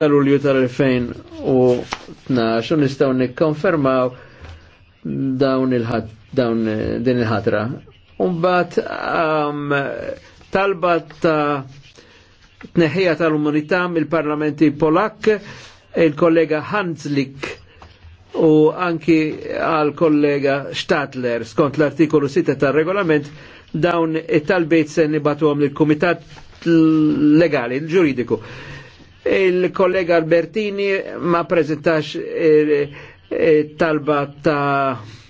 tal-Ulju tal-2012 nistaw nikkonfermaw dawn il-ħat dawn din il-ħatra. Umbat um, talba ta' tneħija tal-umanità mill-parlamenti Polak il-kollega Hanslik u anki għal kollega Stadler skont l-artikolu 6 tal-regolament dawn it-talbejt se nibatu għom l-Komitat legali, l-ġuridiku. Il-kollega Albertini ma prezentax talba ta'